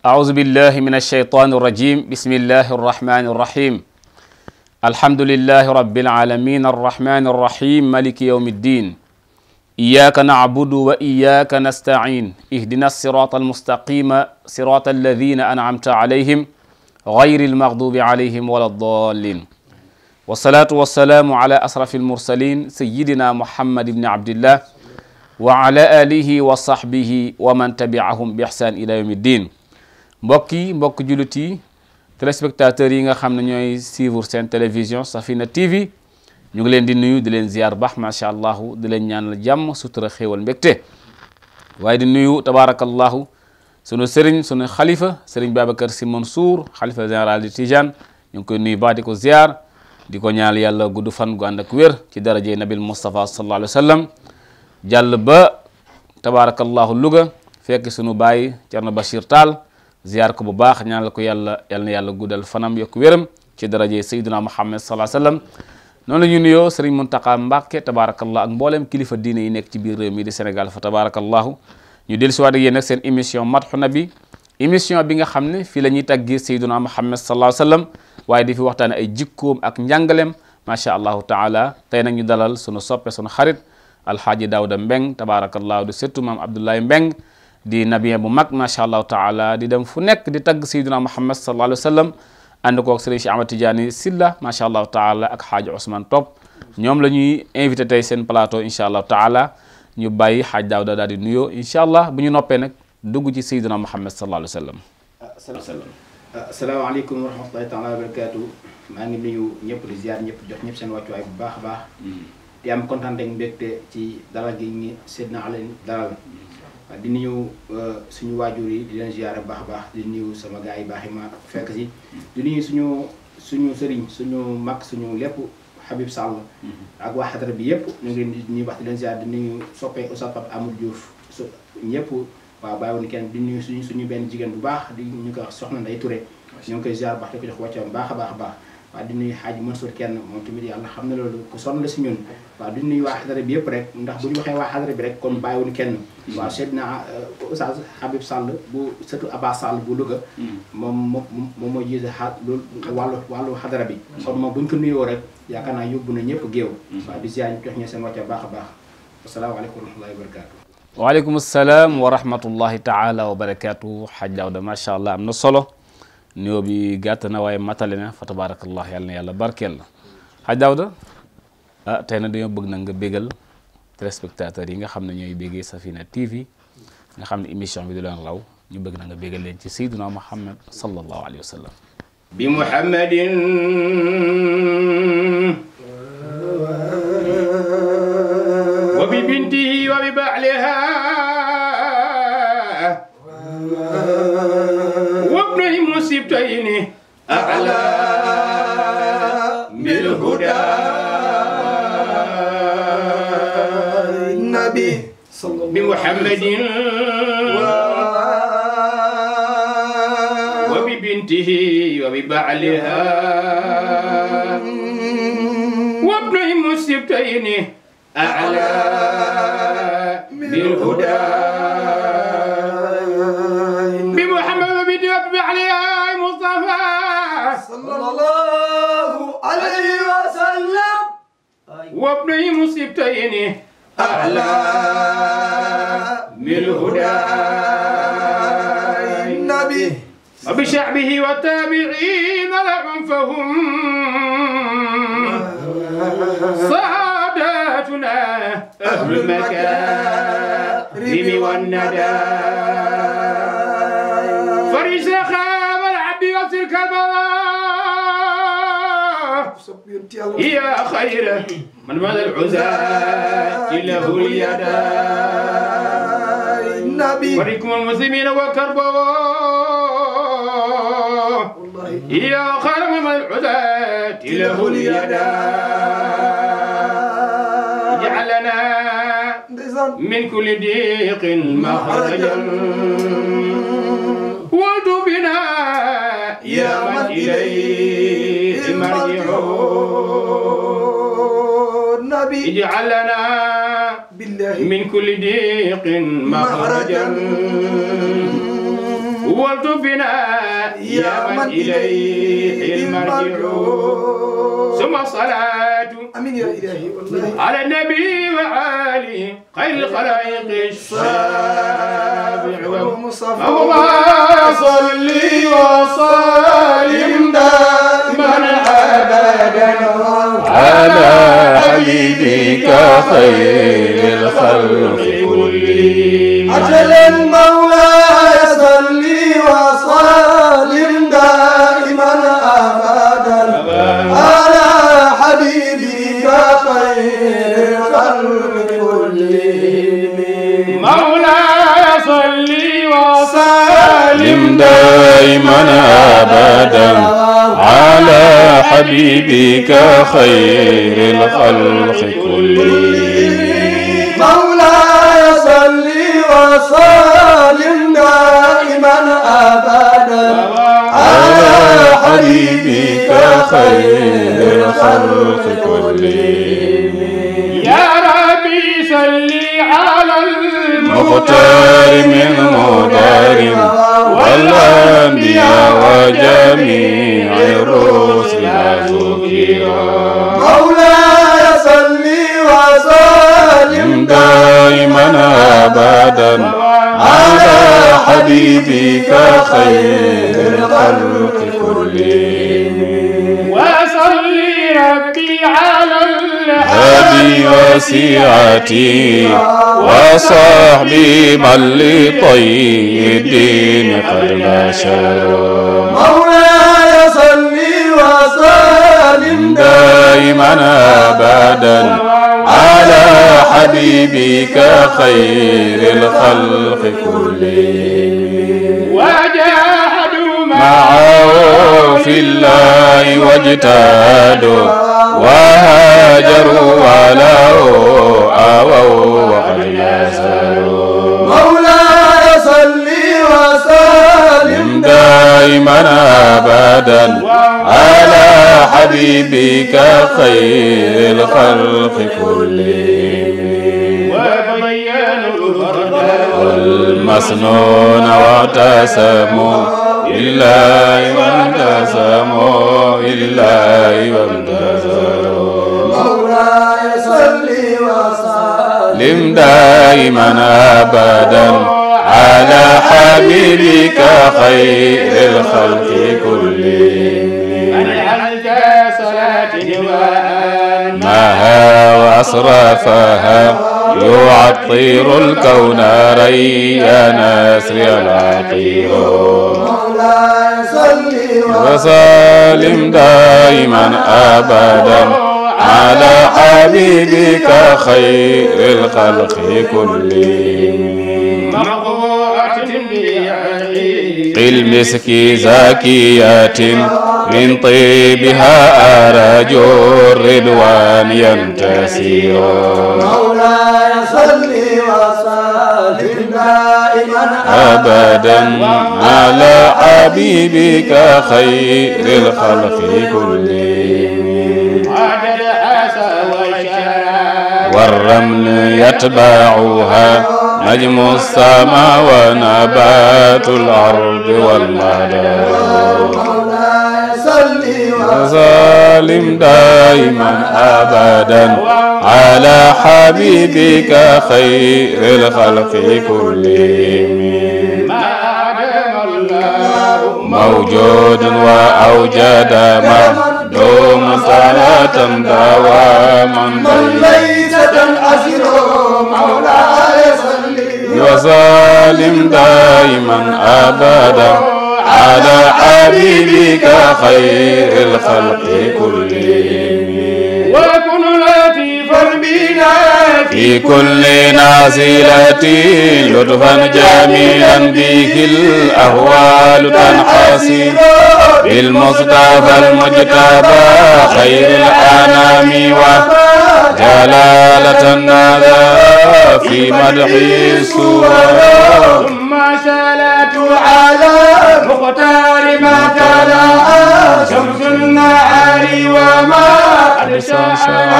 أعوذ بالله من الشيطان الرجيم بسم الله الرحمن الرحيم الحمد لله رب العالمين الرحمن الرحيم ملك يوم الدين إياك نعبد وإياك نستعين اهدنا الصراط المستقيم صراط الذين أنعمت عليهم غير المغضوب عليهم ولا الضالين والصلاة والسلام على أشرف المرسلين سيدنا محمد بن عبد الله وعلى آله وصحبه ومن تبعهم بإحسان إلى يوم الدين mbokk yi mbokk jullit yi téléspectateurs yi nga xam ne ñooy suivre seen télévision Safina TV ñu ngi leen di nuyu di leen ziar baax macha allah di leen ñaanal jàmm sutura xéewal mbégte waaye di nuyu tabaarakallahu sunu sëriñ sunu xalifa sëriñ Babacar Sy Mansour xalifa général di Tijaan ñu ngi koy nuyu baax di ko ziar di ko ñaanal yàlla gudd fan gu ànd ak wér ci daraje nabil Moustapha sallallahu alayhi wasallam jàll ba tabaarakallahu Louga fekk sunu baay Thierno Bachir Tall. ziyaar ko bu baax ñaanal ko yàlla yal na yàlla guddal fanam yokk wéram ci daraje sayyiduna muhammad salaa sallam noonu la ñu nuyoo sëriñ Muntaqa Mbàkke tabaarakallah ak mbooleem kilifa diine yi nekk ci biir réew mi di Sénégal fa tabaarakallahu ñu dellusiwaat ak yéen nag seen émission Madhoun Nabi émission bi nga xam ne fii la ñuy tàggee sayyiduna muhammad salaa sallam waaye di fi waxtaane ay jikkoom ak njàngaleem macha allahu taala tey nag ñu dalal sunu soppe sunu xarit alxaaji Daawda Mbeng tabaarakallahu di surtout maam Abdoulaye Mbeng di nabiyen bu mag macha allahu taala di dem fu nekk di tagg sayyidina muhammad sallallahu alayhi wa sallam ànd koog sëriñ Cheikh Ahmad Tidiane Silla macha taala ak xaaj Ousmane Top ñoom la ñuy invité tey seen plateau incha allahu taala ñu bàyyi xaaj Daawda daal di nuyoo incha allah bu ñu noppee nag dugg ci sayyidina muhammad sallallahu alayhi wa sallam. asalaamaaleykum wa rahmatulahi maa ngi nuyu ñëpp di ziar ñëpp jox ñëpp a mm. ci dalal gi di nuyu euh, suñu waajur yi di leen ziyaara baax a baax di nuyu sama gars baax yi ma fekk si di nuyu suñu suñu sëriñ suñu mag suñu lépp Habib Sall mm-hmm. ak wax xadara bi yëpp ñu ngi leen di nuyu wax di di nuyu soppee Oustaz Pape Amadou Diouf su ñëpp waaw bàyyiwoon kenn di nuyu suñu suñu benn jigéen bu baax di ñu ko wax soxna Ndeye Touré ñu ngi koy ziyaar baax di ko jox wàccoon baax a baax a baax waaw di nuyu xaaji Mansour kenn moom tamit yàlla xam ne loolu ku sonn la si ñun waaw di nuyu waa xadara bi yëpp rek ndax bu ñu waxee waa xadara bi rek kon bàyyiwuñ kenn waaw seet naa Oustaz Habib Sall bu sëtu Abba Sall bu Louga moom moom moom moo jiite xa loolu wàllu wàllu xadara bi kon moom bu ñu ko nuyoo rek yaakaar naa yóbbu na ñëpp géew waaw di ziar ñu jox ñu seen wàcce baax a baax asalaamaaleykum wa rahmatullahi wa barakatu waaleykum salaam wa rahmatullahi taala wa barakatuh xaj daaw da macha allah am na solo نيوبي غاتنا واي ماتالنا فتبارك الله يالنا يالا باركيل حاج داودا آه، تاينا دانيو بغنا nga بيغال تريسبكتاتور ييغا خامنا نيوي بيغي سفينا تي في nga خامنا ايميشن بي دولان لاو ني بغنا سيدنا محمد صلى الله عليه وسلم بمحمد وببنته وببعلها الشتين أعلى بالهدى النبي صلى الله عليه بمحمد وببنته وببعلها وابنهم السبتين أعلى بالهدى وابني مصيبتين أعلى هدى النبي وبشعبه وتابعين لهم فهم صاداتنا أهل المكارم والندى فرزخان يا خير من مال العزاء إلى اليداء النبي وريكم المسلمين وكربوا يا خير من مال العزاء إلى اليداء جعلنا من كل ضيق مخرجا قلت بنا يا من إليه المرجعون نبي اجعلنا بالله من كل ضيق مخرجا ولت بنا يا من إليه المرجع ثم الصلاة أمين يا إلهي والله على النبي وعالي خير الخلائق الشافع والمصطفى الله صلي وسلم دائما أبدا على حبيبك خير الخلق كلهم أجل الله دائما أبدا على حبيبك خير الخلق كلهم مولاي صل وسلم دائما أبدا على حبيبك خير الخلق كلهم يا ربي صل على المختار من مدارم والأنبياء وجميع الرسل ذكرا مولاي صل وسلم دائما أبدا على حبيبك خير الخلق كلهم أبي وسيعتي وصحبي من لطي الدين قد نشر مولاي صلي وسلم دائما ابدا على حبيبك خير الخلق كلهم معه في الله واجتهدوا وهاجروا وله آووا وقد مولاي صلي وسلم دائما أبدا على حبيبك خير الخلق كلهم وبينوا الفرد والمسنون واعتصموا لله وانتسموا لله وانتظروا مولاي صل وسلم دائما ابدا على حبيبك خير الخلق كلهم انعمت صلاتي وانماها واصرفها يعطر الكون ريا نسر العطير وسلم دائما أبدا على حبيبك خير الخلق كلهم قل مسكي زاكيات من طيبها أرجو الرضوان ينتسي مولاي صل دائما أبدا على حبيبك خير الخلق كلهم والرمل يتبعها نجم السماء ونبات الأرض والمدى مولاي صلي ظالم دائما أبدا على حبيبك خير الخلق كلهم موجود وأوجد مهدوم صلاة دواما من ليس تنأسر مولاي صلي وظالم دائما أبدا على حبيبك خير الخلق كلهم وكن لطيفا بنا في كل نازلة لطفا جميلا به الأهوال تنحاسي بالمصطفى المجتبى خير الأنام وجلالة النذا في مدح السورة ثم على مختار ما تلا شمس النهار وما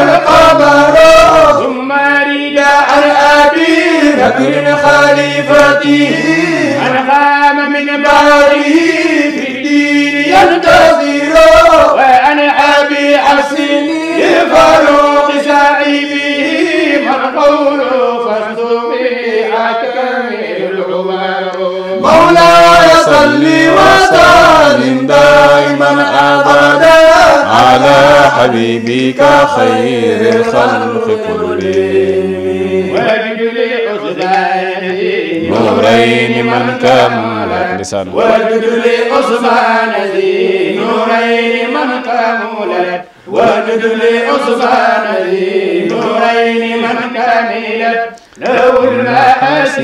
القمر ثم رداء الأبي من خليفته أنغام من بعده في الدين ينتظر وأنا أبي حسن فاروق سعيده من قوله صل وسلم دائما أبدا على حبيبك خير الخلق كلهم نورين من كملت لسانه وجد لعثمان ذي نورين من كملت وجد لعثمان ذي نورين من كملت لو المحاسن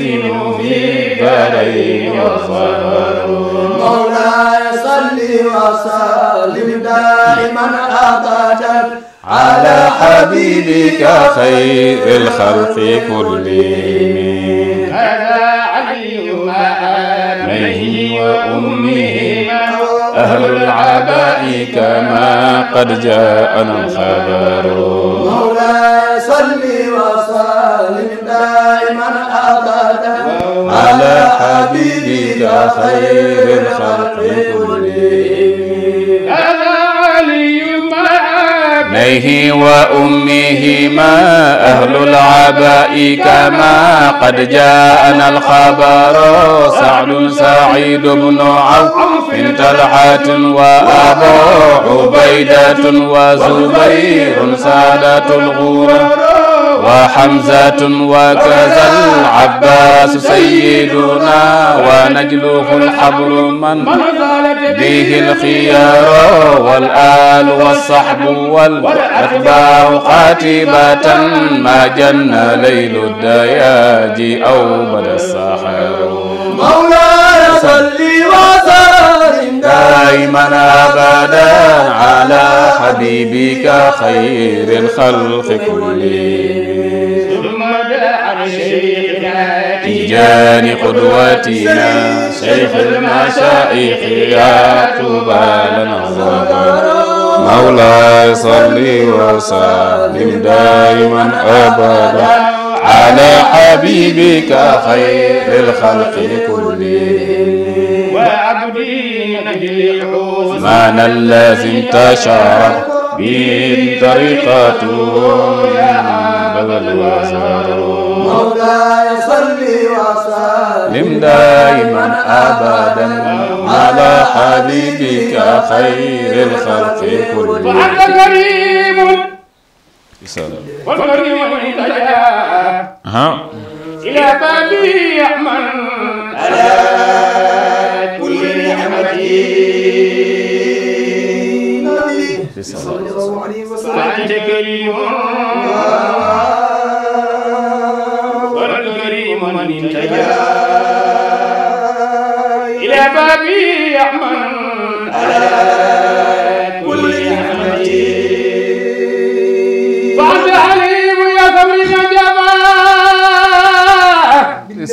في لن يصبر مولاي صلي وسلم دائما ابدا على حبيبك خير الخلق كلهم هذا علي وآله وأمهما أهل العباء كما قد جاءنا الخبر مولاي صل خير الخلق كلهم أنا علي أبيه وأمه ما أهل العباء كما قد جاءنا الخبر سعد سعيد بن عوف من طلحة وأبو عبيدة وزبير سادة الغرر وحمزة وكذا العباس سيدنا ونجله الحبر من به الخيار والآل والصحب والأتباع خاتبة ما جن ليل الدياج أو بدا السحر مولاي صلي وسلم دائما أبدا على حبيبك خير الخلق كلهم تيجان قدوتنا شيخ المشايخ يا طوبى لنا مولاي صلي وسلم دائما ابدا على حبيبك خير الخلق كلهم وعبدي نجلي حسن الذي انتشر به طريقته يا بلد مولاي دائما أبدا على حبيبك خير الخلق كلهم وأنت كريم والكريم عندك ها إلى بابي يأمن على كل نعمة صلى الله عليه وسلم فأنت كريم آه.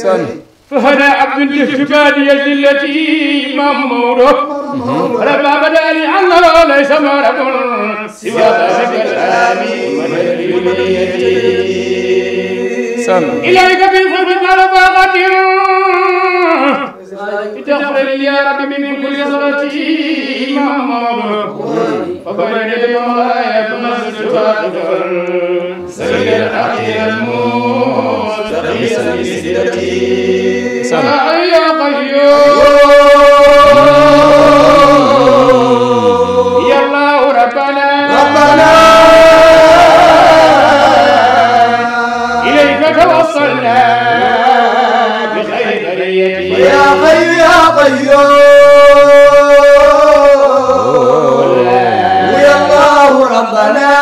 الإحسان فهنا عبد الجهباني التي إمام موله رب بدالي أنه ليس مرب سوى ذلك الكلام إليك بالفضل والباغة تغفر لي يا رب من كل صلاتي إمام مبرور فبين بمولاي بمسجد سيد الحقير الموت رئيس سيدتي يا قيوم غيري يا طيور ويا الله ربنا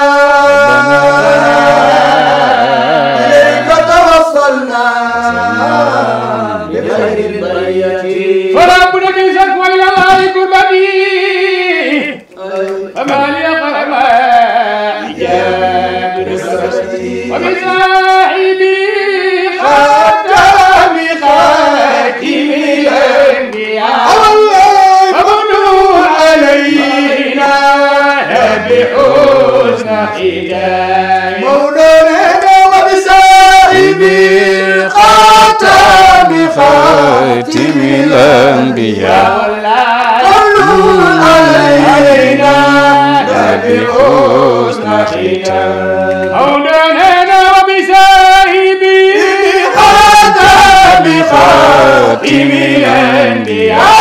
إليك توصلنا بخير البرية بالأنبياء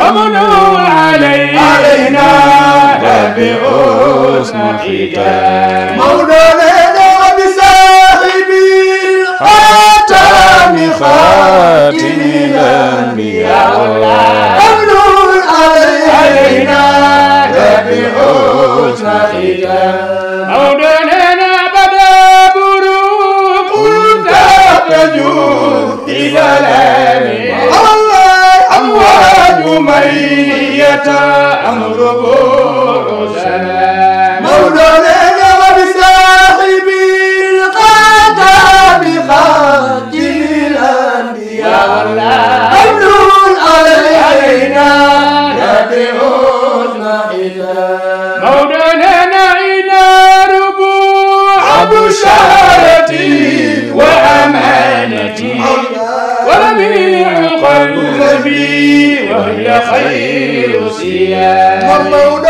ومنه علينا وبحسن ختام خير سياج والمولى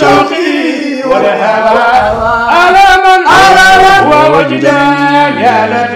شوقي والهوى ألما ألما وجدان يا لبي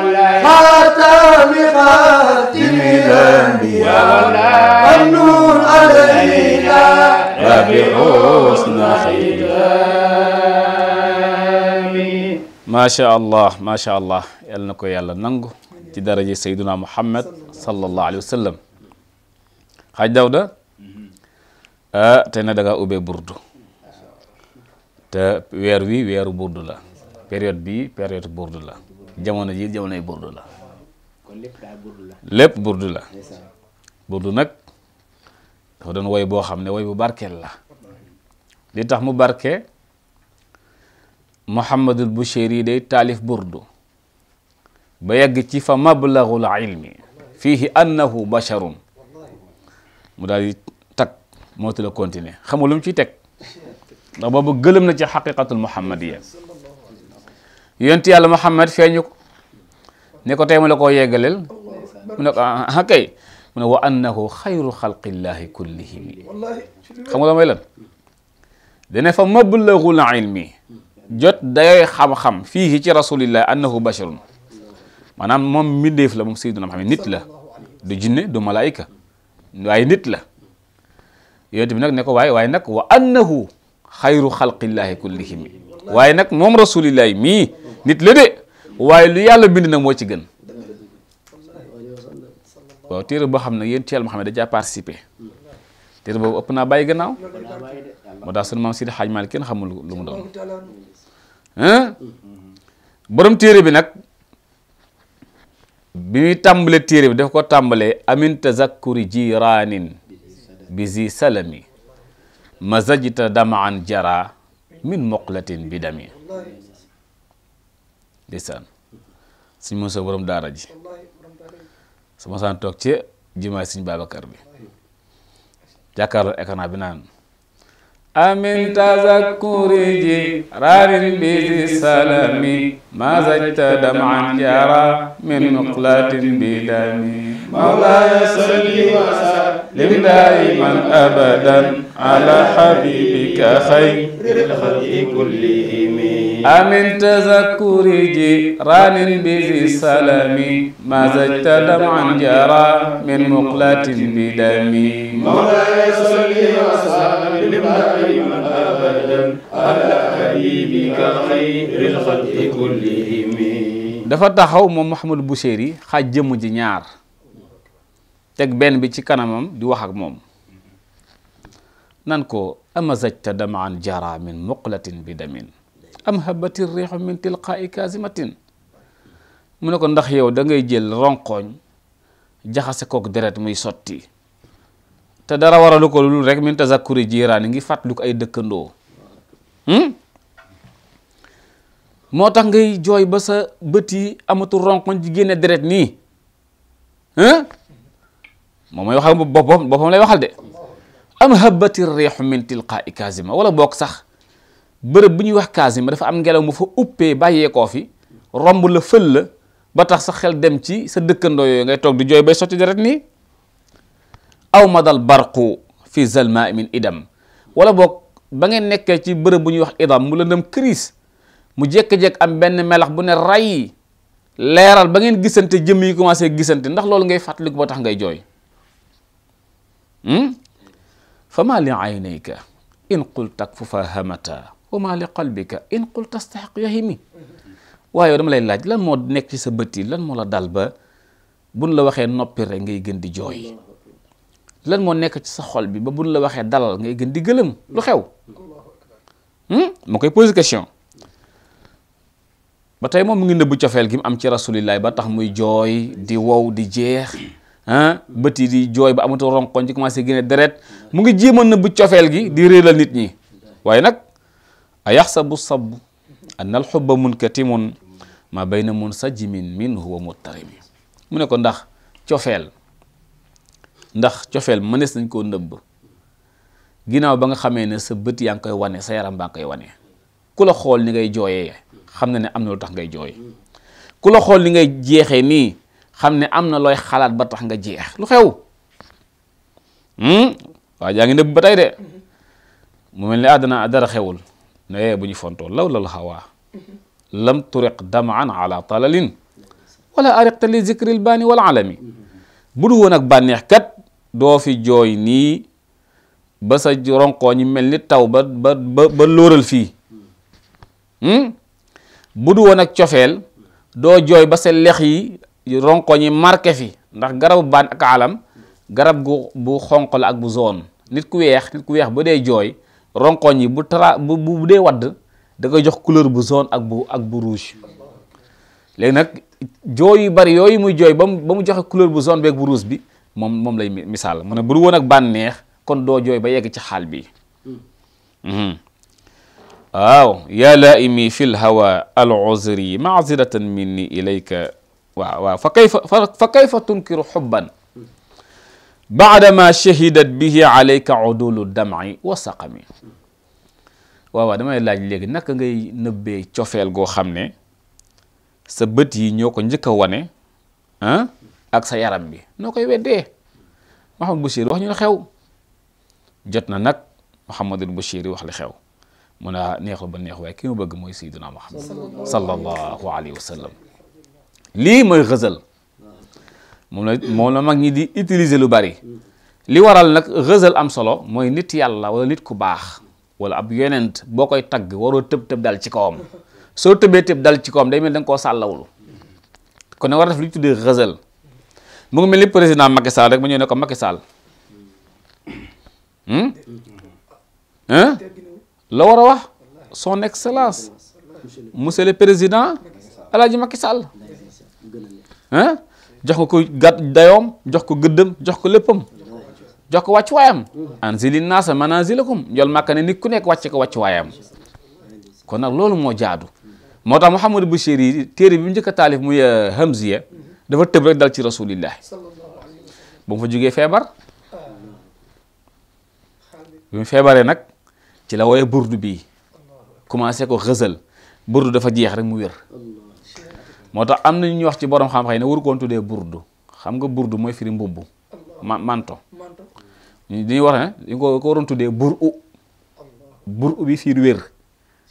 خاتم الأنبياء النور علينا وبحسن ختامه yal na ko yàlla nangu ci daraje Seydina Muhammad sallallahu alayhi wa sallam xaaj Dawda ah tey na da ngaa burdu te weer wi weeru burdu la période bi période burdu la jamono ji jamonoy burdu la lépp burdu la burdu nag dafa doon woy boo xam ne woy bu barkeel la li tax mu barke Muhammadul Busheeri yi day taalif burdu ba yegg ci fa mablagul ilmi fiihi annahu basharun mu daal di tag mootu la continuer xamul lu mu ciy teg ndax boobu gëlëm na ci xaqiqatul muhammadiya yonent yàlla Muhammad feeñu ko نيكو تيم لاكو ييغالل منو من هو أنه وانه خير خلق الله كلهم خمو لاماي لان دنا فا مبلغ العلم جوت داي خام خام فيه تي رسول الله انه بشر مانام موم ميديف لا موم سيدنا محمد نيت لا دو جن دو ملائكه واي نيت لا يوتي نك نيكو واي واي نك وانه خير خلق الله كلهم واي نك موم رسول الله مي نيت لا دي waaye lu yàlla bind na moo ci gën waaw téere boo xam ne yéen ci yàlla Muhammad da caa participé téere boobu ëpp na bàyyi gannaaw moo tax sunu maam Xaaj Maalik kenn xamul lu mu doon borom téere bi nag bi muy tàmbale téere bi daf ko tàmbalee amin tazakkuri jiraanin bi zi salami mazajta damaan jara min moqlatin bi dami suñ Moussa borom daara ji su ma saan toog ci jimaay suñ Babacar bi jàkkaarloo écran bi naan amin tazakkuri ji raarin bi di salami mazajta dam'an jara min muqlatin bi dami mawlaya salli wa لله من أبدا على حبيبك خير الخلق كلهم أمن تذكر جيران بذي السلام ما زجت دمعا جرى من مقلة بدم مولاي صلي وسلم دائما أبدا على حبيبك خير الخلق كلهم dafa محمود بوشيري Mouhamadou Boucheyri teg benn bi ci kanamam di wax moom nan ko ama zajta damaan jara min muqlatin bi damin am habati riixu min tilqaai kaasimatin mu ne ko ndax yow dangay jël ronqooñ jaxase kook deret muy sotti te dara waralu ko lu rek min tazakkuri jiiraani ngi fàttaliku ko ay dëkkandoo hmm? moo tax ngay jooy ba sa bët yi amatul ronqoñ ji génne deret nii hmm? moom mooy waxal bopom lay waxal de am habati rih min tilqaai kaasima wala bok sax bërëb bu wax kaasima dafa am ngelaw mu fa baye ko fi romb le feul la ba tax sax xel dem ci sa ngay tok di joy bay soti deret ni aw madal barqu fi zalmaa min idam wala bok ba ngeen nekkee ci bërëb wax idam mu lëndëm kris mu jek jek am ben melax bu ne ray leral ba ngeen gisante jëm yi commencé gisante ndax lolou ngay fatlik ba tax ngay joy Hmm? fa maa li aynayka in qulta takfufa hamata wa maa li in qulta tastaxiq yahimi waaye dama lay laaj lan moo nekk ci sa bët yi lan moo la dal ba buñ la waxee noppi rek ngay gën di jooy lan moo nekk ci sa xol bi ba buñ la waxee dalal ngay gën di gëlëm lu xew hmm? ma koy posé question ba tey moom mu ngi nëbb cofeel gi mu am ci rasulillahi ba tax muy jooy di wow di jeex han beuti di joy ba amatul ronkon ci commencé gëné deret mu ngi jéemoon na bu ciofel gi di réelal nit ñi waaye nak a yaxsabu sabu anna al xubba munkatimun ma bayna munsajimin min huwa muttarim mu ne ko ndax ciofel ndax ciofel manes nañ ko neub ginaaw ba nga xamé né sa beut yang koy wané sa yaram ba koy wané kula xol ni ngay joyé xamna né amna am lu tax ngay jooy kula xol ni ngay jéxé ni xamne amna loy na xalaat ba tax nga jeex lu xew hmm wa jangi neub batay de mu melni ni adara xewul ne buñu fonto law lal hawa lam turiq dam'an ala talalin wala ariqta li zikril bani wal alami budu won ak banex kat do fi joy ni ba sa ronkoo ñi melni tawba ba ba loral fi hmm budu won ak ciofel do joy ba sa lekh yi ronkoñ yi marqué fi ndax garabu baan ak alam garab gu bu xonq la ak bu zone nit ku weex nit ku weex ba dee jooy ronkoñ yi bu tra bu bu dee wadd da jox couleur bu zone ak bu ak bu rouge léegi nag jooy yu bari yooyu muy jooy ba mu ba mu joxe couleur bu zone beeg bu rouge bi moom moom lay misaal mu ne bu woon ak bànneex kon doo jooy ba yegg ci xaal bi hmm. aaw yaa laa imi fi l hawa al uzri maaziratan minni ilayka فكيف فكيف تنكر حبا بعدما شهدت به عليك عدول الدمع وسقمي واو دا ماي لاج ليغ ناك غاي نوبي تيوفيل غو خامني سا بت يي نيوكو نجيكا واني ها اك سا يارام بي نوكاي ودي محمد بشير واخ نيو خيو جاتنا ناك محمد البشير واخ لي خيو منا نيهو با نيهو واي كيما بغ موي سيدنا محمد صلى الله عليه وسلم lii mooy xësal moom la moom la mag ñi di utiliser lu bari li waral nag xësal am solo mooy nit yàlla wala nit ku baax wala ab yonent boo koy tagg waroo tëb tëb dal ci kawam soo tëbee tëb dal ci kawam day mel da nga koo sàllawlu kon nag war def lu ñu tuddee xësal mu ngi mel ni président Macky Sall rek ma ñëw ne ko Macky Sall hmm? la war a wax son excellence monsieur le président Alaaji Macky Sall jox ko ko gàtt dayoom jox ko gëddam jox ko léppam jox ko wàccu waayam anzilin naasa manazilakum njol màkka ne nit ku nekk wàcce ko wàccu waayam kon nag loolu moo jaadu moo tax Mouhamadou Bachir yi téere bi mu njëkk a taalif muy euh, Hamziya dafa tëb rek dal ci rasulillah ba mu fa jógee feebar bi mu feebaree nag ci la woye burdu bi commencé ko xësal burdu dafa jeex rek mu wér motax amna ñu wax ci borom xam-xam yi ne waru koon tuddee burdu xam nga burdu moy firi mbubb manto ñi di wax ne ko ko waroon tudé buru buru bi fiir wér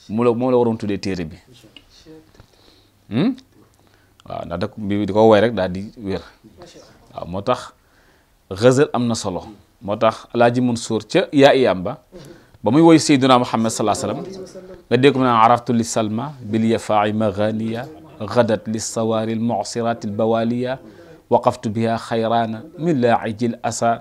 mo la mo la waroon tudé téré bi waaw ndax da bi di ko woy rek da di wér wa motax tax xësal am na solo moo tax alaaji Mansuur ca yaa iyaam ba muy woy sayduna Muhammad salaa sallam nga dégg ko mu araftu li salma bil yafa'i maghaniya غدت للصواري المعصرات البوالية وقفت بها خيرانا من لاعج الأسى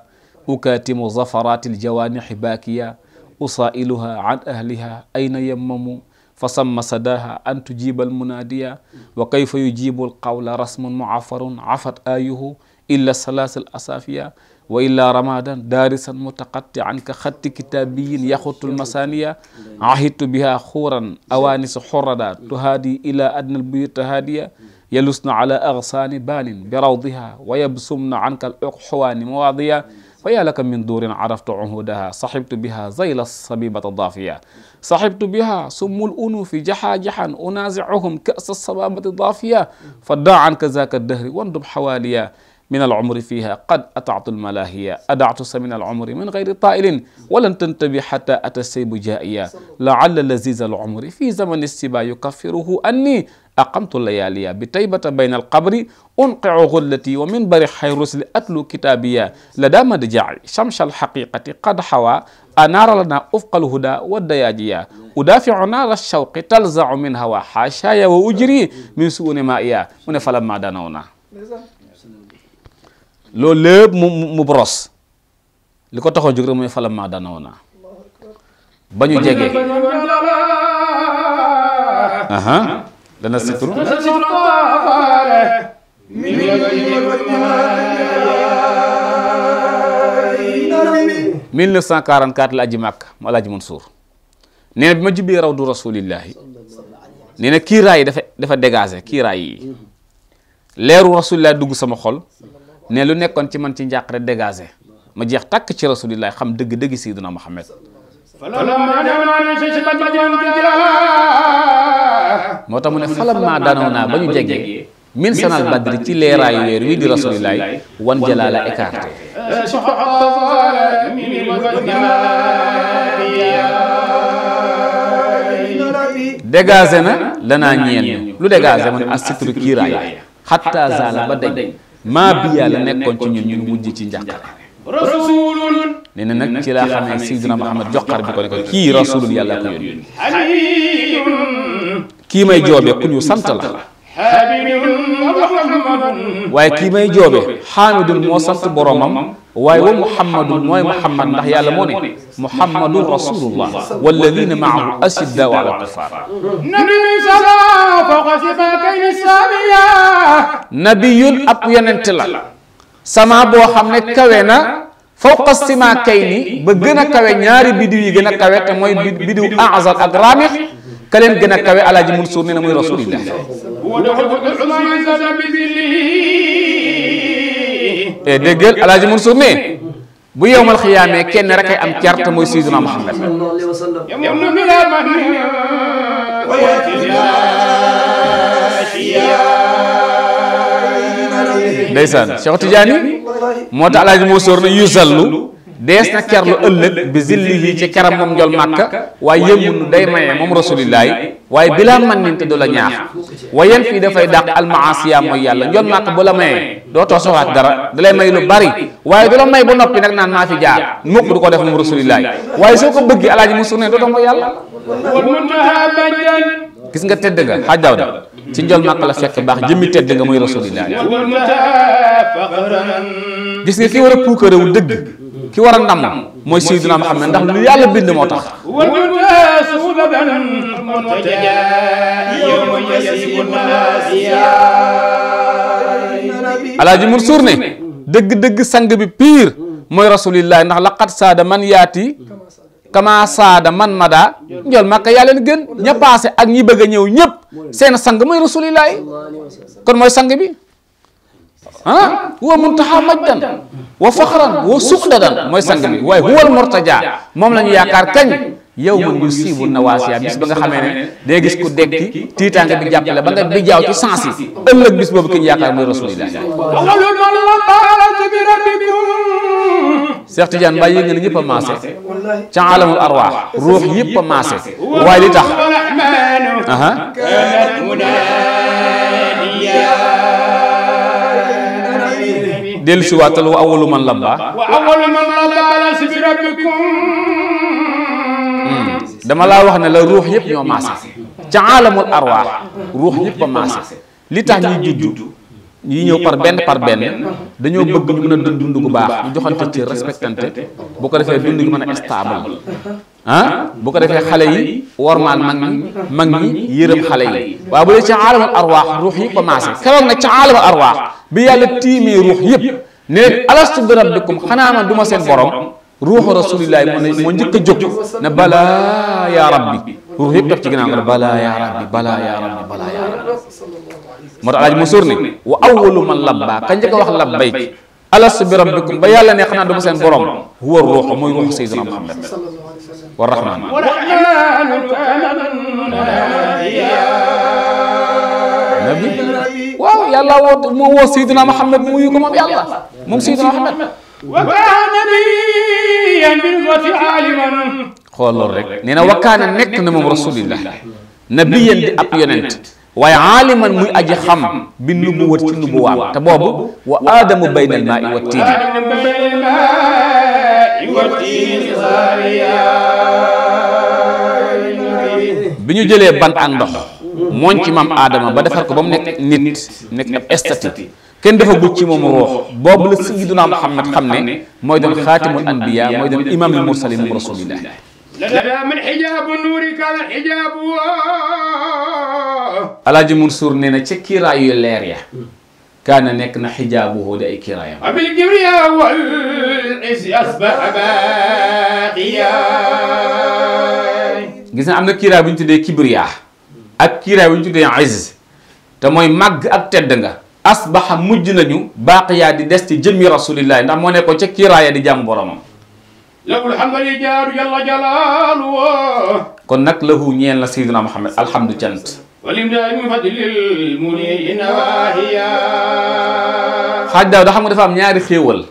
أكاتم ظفرات الجوانح باكية أصائلها عن أهلها أين يمموا فصم صداها أن تجيب المنادية وكيف يجيب القول رسم معفر عفت آيه إلا السلاسل الأصافية وإلا رمادا دارسا متقطعا كخط كتابي يخط المسانية عهدت بها خورا أوانس حردا تهادي إلى أدنى البيوت هادية يلسن على أغصان بان بروضها ويبسمن عنك الأقحوان مواضيا فيا لك من دور عرفت عهودها صحبت بها زيل الصبيبة الضافية صحبت بها سم الأنوف جحا جحا أنازعهم كأس الصبابة الضافية فدع عنك ذاك الدهر واندب حواليا من العمر فيها قد أطعت الملاهية أدعت من العمر من غير طائل ولن تنتبه حتى أتى السيب جائيا لعل لذيذ العمر في زمن السبا يكفره أني أقمت الليالي بتيبة بين القبر أنقع غلتي ومن برح حيروس لأتلو كتابيا لدى مدجع شمس الحقيقة قد حوى أنار لنا أفق الهدى والدياجيا أدافع نار الشوق تلزع من هوا حاشايا وأجري من سوء مائيا من فلما دانونا loolu lépp mu mu boros li ko taxoon jóg rek muy falam maa dana woon ba ñu jege aha dana sitru mille neuf cent quarante quatre la aji màkk ma alaaji Mansuur nee bi ma jubbee raw du rasulillahi nee kiiraay yi dafa dafa dégagé kiiraay yi leeru rasulillahi dugg sama xol ne lu nekkoon ci man ci njàqare dégagé ma jeex takk ci rasulillahi xam dëgg-dëgg Seydina Muhammad moo tax mu ne falam maa danoo naa ba ñu jege min sanal badri ci leeraayu weer wii di rasulillahi wan jalaala écarté dégagé na lanaa ñeen lu dégagé man asitru kiiraay xatta zaala ba deñ maa biyaa la nekkoon ci ñun ñun mujj ci njàqare rasulun nee na nag ci laa xamee Seydina Muhammad joxar bi ko ne ko kii rasulun yàlla ko yónni kii may joobee ku ñu sant la وكيمي جوبي حامد موسط برمم محمد محمد محمد رسول الله والذين معه اسد داو على الكفار نبي صلى فوق سباكين السامية نبي سما بو حمد كوينا فوق السماكين بغنا كوينا ناري بدو يغنا كوينا موي بدو اعزال اقرامي كلن جنا كوي على جمل سورني نمو رسول الله دجل إيه، على جمل سورني بيوم الخيامة كن ركع أم كرت مو سيدنا محمد نيسان شو تجاني مو تعالج مو سورني يوصل له Desna na kerlu ëllëg bi zillihi ci maka, moom njol màkka waaye yëmunu day maye mom rasulillahi way bila man ninte do la ñaax wayen fii dafay al maasiya moy yalla njol makka bu la mayee doo too dara dalay may lu bari way du la may bu nopi nak naan ma fi jaar mukk du ko def mom rasulillahi way soko bëgg alaaji mu sunne do to mooy yalla gis nga tedd nga xaaj dawda ci njol makka la fekk bax jëmi tedd nga moy rasulillahi gis nga ki deug ki war a ndam mooy Seydina Muhammad ndax lu yàlla bind moo tax alaaji Mansuur ne dëgg-dëgg sang piir mooy rasulillahi ndax laqad saada man yaati kama saada man mada njool màkka yaa leen gën ña paase ak ñi bëgg a ñëw ñëpp seen sang mooy rasulillahi kon mooy sang bi huwa muntaha majdan wa fakhran wa suqdadan moy sang bi huwa murtaja mom lañu yakar kagn yow mo yusibu nawasiya bis ba nga xamé ne day gis ku dekki tiitaange bi jàppale ba nga bi jaw ci sens yi ëllëg bis bobu ki yakar moy rasulullah Cheikh Tidiane Mbaye yëg na ñëpp a alamul arwah ruh yëpp a way li tax aha dellu si waatal wa awwalu man labba wa awwalu man bi rabbikum hmm. dama laa wax ne la ruux yëpp ñoo maase ca aalamul arwaax ruux yëpp a maase li tax ñuy judd ñu ñëw par benn par benn dañoo bëgg ñu mën a dund dund gu baax ñu joxante ci respectante bu ko defee dund gi mën a stable بوكا دافي خالي وارمان مان مان ييرم خالي وا بولي سي عالم الارواح روحي كوماسي كلام نا سي عالم الارواح بي يالا تيمي روح ييب نيت الست بربكم خنا ما دوما سين بوروم روح رسول الله مو نيك جوك نبلا يا ربي روح ييب داف سي غنا بلا يا ربي بلا يا ربي بلا يا ربي مر علاج مسورني واول من لبى كان جيك واخ لبيك alastu bi rabbikum ba yàlla ne xanaa du ma seen borom huwa ruuxu mooy ruuxu sayyidina Muhammad wa rahmaan nabi waaw yàlla woo moo woo sayyidina Muhammad mu wuyu ko moom yàlla moom sayyidina Muhammad xool loolu rek nee na wa kaana nekk na moom rasulillah nabiyan di ab yonent waye aliman muy aji xam bin bi wut ci nubuwaam ta bobu wa adamu bayna al maai wa tiini bi ñu ban ak ndox mon ci mam adama ba defal ko bam nek nit nek ab estati ken dafa gu ci mom roh bobu la sayyiduna Muhammad xamne moy mooy khatimul anbiya moy doon imamul mursalin rasulillah لدى من حجاب نورك الحجاب alaaji Mansour nee na ca kiiraay leer ya hmm. kaana nekk na xijaabuhu di ay kiiraayam abil kibriya wal is asbaha baqiya gis na am na kiiraay bu ñu tuddee kibriya ak kiiraay bu ñu tuddee is te mooy màgg ak tedd nga asbaha mujj nañu baqiya di des ci jëmmi rasulillahi ndax moo nekkoon ca kiiraaya di jàmm boromam lahul hamdu li jaaru jalla jalaalu kon nag lahu ñeen la Seydina Muhammad alhamdu cant walim daa min fadlil muni inawahiya xaaj daaw da xam nga dafa am ñaari xéewal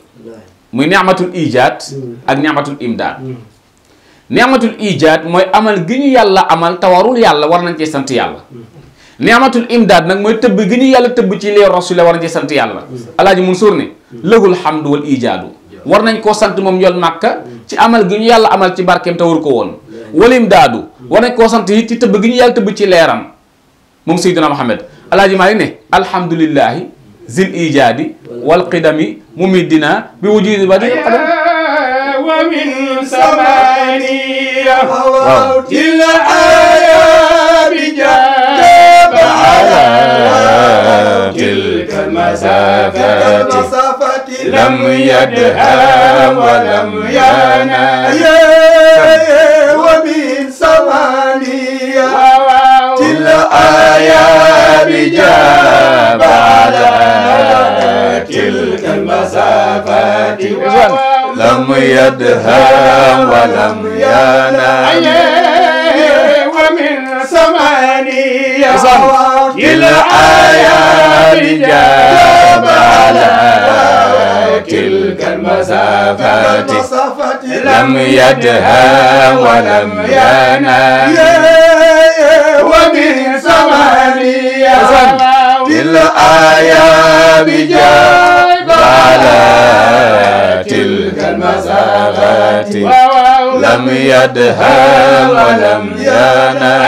muy neexmatul ijaat ak neexmatul imdaad neexmatul ijaat mooy amal gi ñu yàlla amal tawarul yàlla war nañ cee sant yàlla neexmatul imdaad nag mooy tëbb gi ñu yàlla tëbb ci leer rasul war nañ cee sant yàlla alaaji mun suur ne lahul hamdu wal ijaadu war nañ koo sant moom yool màkka ci amal gi ñu yàlla amal ci barkeem te waru ko woon walim daadu war nañ ci tëbb gi ñu yàlla tëbb ci leeram moom Seydina Muhammad alaaji maa ngi ne zil ijaadi wal qidami mumidina bi wujudi ba di wa min samaniya til ayabi jaba لم يدها ولم يانا ومن سمانية تلك آيا بجاب على تلك المسافات لم يدها ولم يانا ومن سمانية تلك آيا بجاب على تلك المسافات لم يدها ولم يانا ومن سمانية الآية بجاب على تلك المسافات لم يدها ولم يانا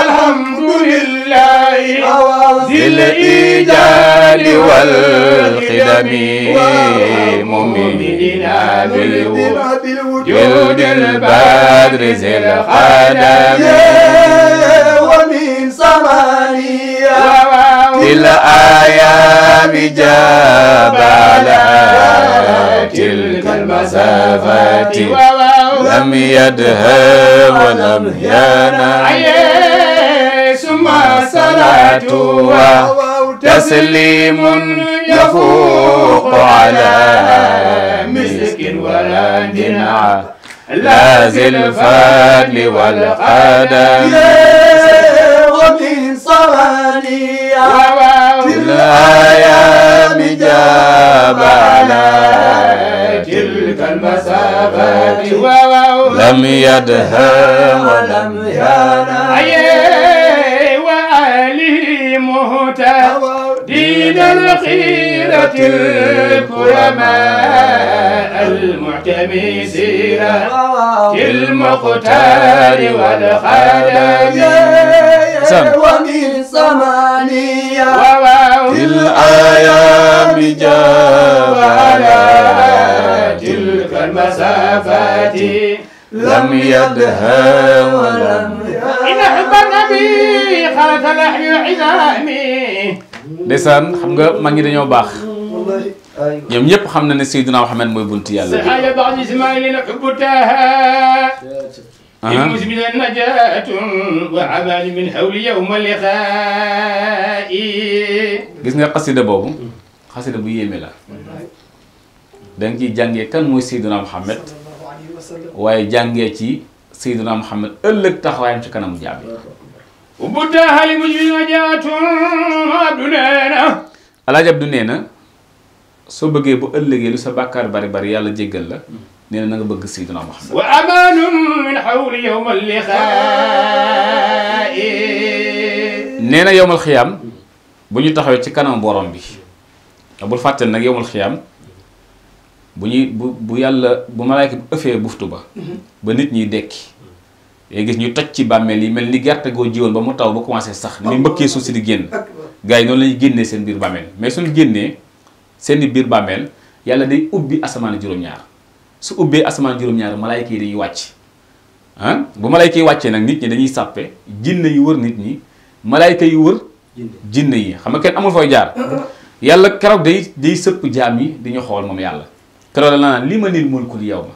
الحمد لله ذي الإيجاد والخدم مؤمنين بالوجود البدر ذي الخدم ومن سمانية الأيام جاب على تلك المسافات لم يدهب ولم ينام صلاة تسليم يفوق على مسك ولا دنع لازي الفضل والقدم ومن صوانية الأيام جاب على تلك المسافات لم يدهم ولم ينام الموتى دين الخيرة الكرماء المعتمسين المختار والخدم ومن صمانية في الأيام جاء على تلك المسافات لم يدها ولم يدهى ndeysaan xam nga mag ñi dañoo baax ñoom ñëpp xam na ne Seydina Muhammad mooy bunt yàlla للمسلمين نجاة nga xasida boobu xasida bu yéeme la da nga ciy jàngee kan mooy Seydina Muhammad waaye jàngee ci Seydina Muhammad ëllëg taxawaayam ci kanamu jaabi ubbuta hali mujrima jaatun abdu nee na alaaj abdu nee na soo bëggee bu ëllëgee lu sa bàkkaar bari bari yàlla jéggal la nee na na nga bëgg Seydina Muhammad wa amaanun min xawli yowmal lixaa'i nee na yowmal xiyaam bu ñu taxawee ci kanam borom bi bul fàttali nag yowmal xiyaam bu ñuy bu bu yàlla bu malaayka bu ëffee buftu ba ba nit ñiy dekki ngay gis ñu toj ci bàmmeel yi mel ni gerte go jiwon ba mu taw ba commencé sax ni mbëkkee suuf si di genn gars non noonu genné seen mais suñu genné seen bir biir yalla day ubbi asman juróom-ñaar su ubbee asman juróom-ñaar malaayka yi dañuy wàcc ah bu malaayka yi wàccee nak nit ñi dañuy sappé jinne yi wër nit ñi malaayka yi wër jinne yi xam nga kenn amul fooy jaar yalla keroog day day sepp jaam yi di ñu xool moom yàlla keroog la naan li nil mulkul yawma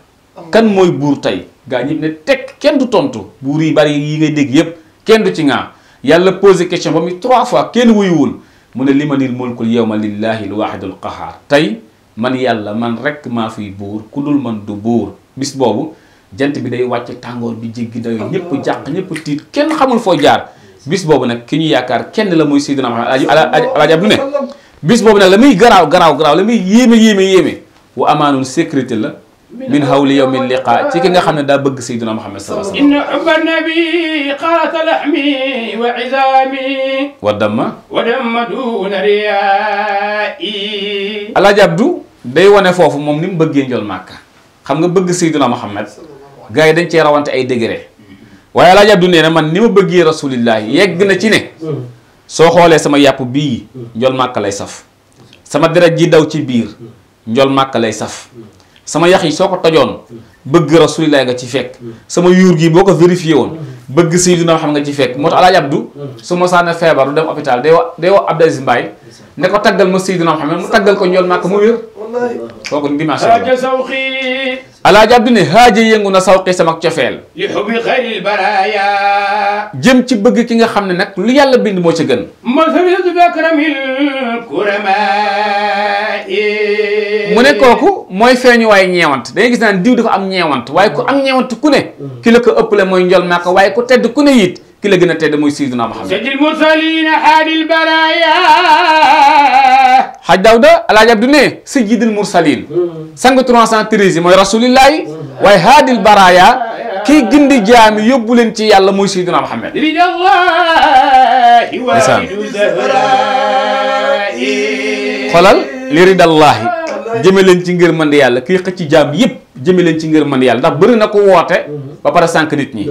kan moy bur tay gaa ñi ne teg kenn du tontu buur yi bari yi ngay dégg yépp kenn du ci ŋaa yàlla posé question ba muy trois fois kenn wuyuwul mu ne li ma nil mulkul yowma lillahi lwaahidul qahaar tey man yàlla man rek maa fiy buur ku dul man du buur bis boobu jant bi day wàcc tàngoor bi jéggi dayoo ñëpp jàq ñëpp tiit kenn xamul foo jaar bis boobu nag ki ñu yaakaar kenn la muy Seydina Muhammad alaaji Abdu ne bis boobu nag la muy garaaw garaaw garaaw la muy yéeme yéeme yéeme wa amaanul sécurité la min hawli yowmi ci ki nga xam ne daa bëgg sayduna muhammad sallallahu alayhi wa sallam inna ubba nabi xalata laxmi wa izami wa damma wa damma duna riyai alaaji abdu day wone foofu moom ni mu bëggee njol màkka xam nga bëgg sayduna muhammad gars yi dañ cee rawante ay degré waaye alaaji abdu nee man ni ma bëggee rasulillahi yegg na ci ne soo xoolee sama yàpp bii njol màkka lay saf sama deret ji daw ci biir njol màkka lay saf sama yax yi soo ko tojoon bëgg rasulilah nga ci fekk sama yuur gi boo ko vérifié woon bëgg Seydina xam nga ci fekk moo tax Alaaji Abdu su ma sànne feebar du dem hôpital day wax day wax Abdou Aziz Mbaye ko taggal ma Seydina xam ne mu taggal ko njool màkk mu wér kooku dimanche Alaaji Abdu ne haaja yëngu na sawqi sama cofeel li xubbi xayril baraaya jëm ci bëgg ki nga xam ne nag lu yàlla bind moo ci gën mu kooku mooy feeñuwaay ñeewant dañuy gis naan diw dafa am ñeewant waaye ku am ñeewant ku ne mm. ki la ko mooy njol maaka waaye ku tedd ku ne it ki la gën a tedd mooy Seydina Muhammad sajil mursalina haadil baraya xaj daaw da alaaj abdu mm. mooy rasulillahi mm. waaye haadil baraya kii gindi jaami yóbbu leen ci yàlla mooy Seydina Muhammad xoolal li jëme leen ci ngër mand yàlla kii xëcc jaam yëpp jëme leen ci ngër mand yàlla ndax bëri na ko woote mhm. ba pare sànq nit ñi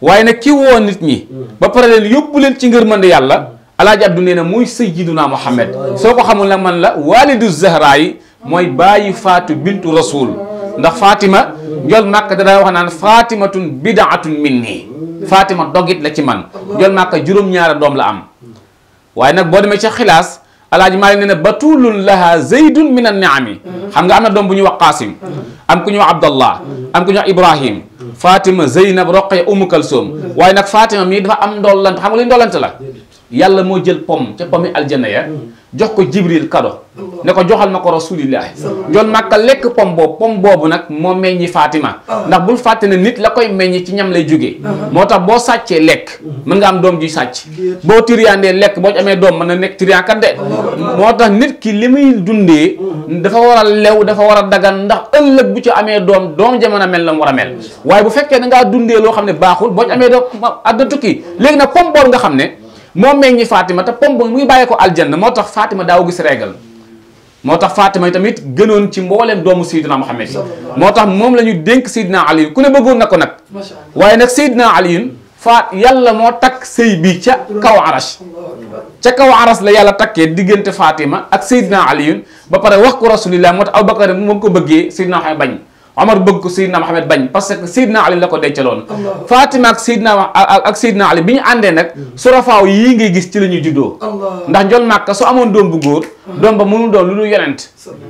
waaye nag ki woo nit ñi mhm. ba pare leen yóbbu leen ci ngër mand yàlla alaaji abdu nee na muy sayyiduna muhammad soo ko xamul nag man la waalidu zahra yi mooy bàyyi faatu bintu rasul ndax fatima njol màkk da daa wax naan fatimatun bidaatun minni mhm. fatima dogit la ci man njol màkk juróom-ñaara doom la am waaye nag boo alaaji Maalik nee na batulun laha zaydun min an niami xam nga am na doom bu ñuy wax Qaasim am ku ñuy wax Abdallah am ku ñuy wax Ibrahim Fatima Zeynab Roqaya Umu Kalsoom waaye nag Fatima mii dafa am ndollant xam nga li ndollant la yàlla moo jël pom ca pom pomi aljana ya mm. jox ko jibril kado mm. ne ko joxal ma ko rasulillahi mm. joon màkka lekk pom boobu pom boobu nag moo meññi Fatima ah. ndax bul fàtte nit la koy meññi ci ñam lay jógee ah. moo tax boo sàccee lekk mën nga am doom juy boo tiriyaandee lekk boo amee doom mën na nekk tiriyaankat de ah. moo tax nit ki li muy dundee dafa war a dafa war a dagan ndax ëllëg bu ci amee doom doom jamono mel la mu war a mel waaye bu fekkee da dundee loo xam ne baaxul boo ci amee doom àdduna tukki léegi nag pom boobu nga xam ne moo meññi Fatima te pom bu muy bàyyee ko aljanna moo tax Fatima daaw gis régal moo tax Fatima tamit gënoon ci mbooleen doomu Seydina Muhammad yi moo tax moom la ñu dénk Seydina Aliyu ku ne bëggoon na ko nag waaye nag Seydina Aliyu faat yàlla moo takk sëy bi ca kaw aras ca kaw aras la yàlla takkee diggante Fatima ak Seydina Aliyu ba pare wax ko rasulillah moo tax Abubakar mu ko bëggee Seydina Muhammad bañ Omar bëgg ko Seydina Mohamed bañ parce que Seydina Ali la ko dencaloon Fatima ak Seydina ak Seydina Ali bi ñu àndee nag hmm. surafaaw yi ngay gis ci la ñuy juddoo ndax njool màkka su amoon doom bu góor hmm. doom ba mënul doon lu ñu yonent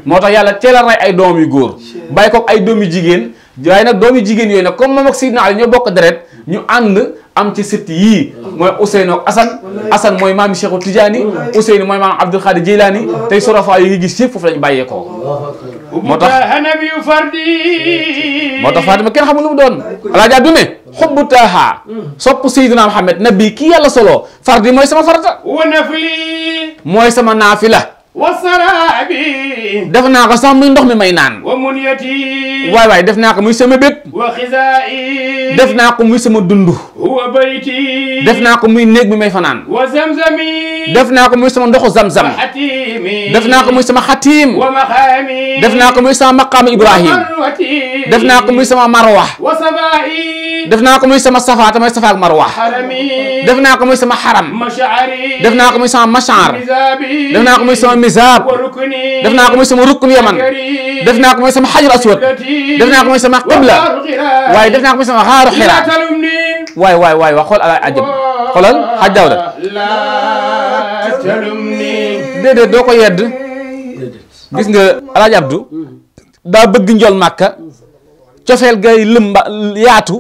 moo tax yàlla teel a rey ay doom yu góor bàyyi ko ay doom yu jigéen waaye nag doom yu jigéen yooyu nag comme moom ak Seydina Ali ñoo bokk deret ñu ànd am ci sët yii mooy Ousseynou ak Assane Assane mooy maam Cheikh Tidiane Ousseynou mooy maam Abdul Xaadir Jeylaani tey surafa yi ngi gis yëpp foofu lañ bàyyeekoo moo tax moo tax Fatima kenn xamul lu mu doon alaaja du ne xubbu taaha hmm. sopp Seydina Muhammad nabi kii yàlla solo fardi mooy sama farata mooy sama naafila wasaraabi def naa ko sax muy ndox mi may naan wa munyati waay waay def naa ko muy sama bét wa xisaa'i def naa ko muy sama dund wa bayti def naa ko muy néeg bi may fanaan wa zamzami def naa ko muy sama ndoxu zamzam xatiimi def naa ko muy sama xatiim wa maqaami def naa ko muy sama maqaam ibrahim def naa ko muy sama marwa wa safaa'i def naa ko muy sama safa tamay safa ak marwa xarami def naa ko muy sama xaram mashaari def naa ko muy sama mashaar def naa ko muy sama misaab def naa ko muy sama rukkun yaman def naa ko muy sama xajar aswad def naa ko muy sama qibla waaye def naa ko muy sama xaaru xira waay waay waay wax xool ajab xoolal yedd gis nga alaaj daa bëgg njool màkka cofeel gay lëmba yaatu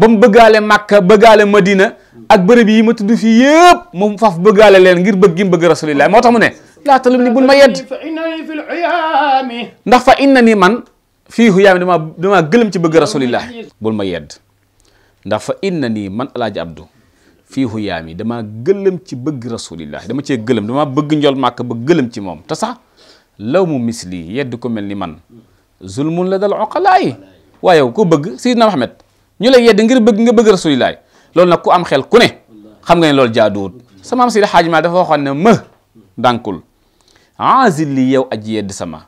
ba mu bëggaale màkka bëggaale madina ak bërëb yi ma tudd fii yëpp moom faf bëggaale leen ngir bëgg gi mu bëgg rasulillah moo tax mu ne laa talum ni bul ma yedd ndax fa inna ni man fii xuyaami dama damaa gëlëm ci bëgg rasulillah bul ma yedd ndax fa inna nii man alaaji abdu fii xuyaami damaa gëlëm ci bëgg rasulillah dama cee gëlëm damaa bëgg njol màkk bëgg gëlëm ci moom te sax law mu misli yedd ko mel ni man zulmun la dal oqalaay waaye ko bëgg Seydina Muhammad ñu lay yedd ngir bëgg nga bëgg rasulillah loolu nag ku am xel ku ne xam nga ne loolu jaaduwut sama am Seydi Xaaj Maalik dafa waxoon ne më dànkul aasil li yow aji yedd sama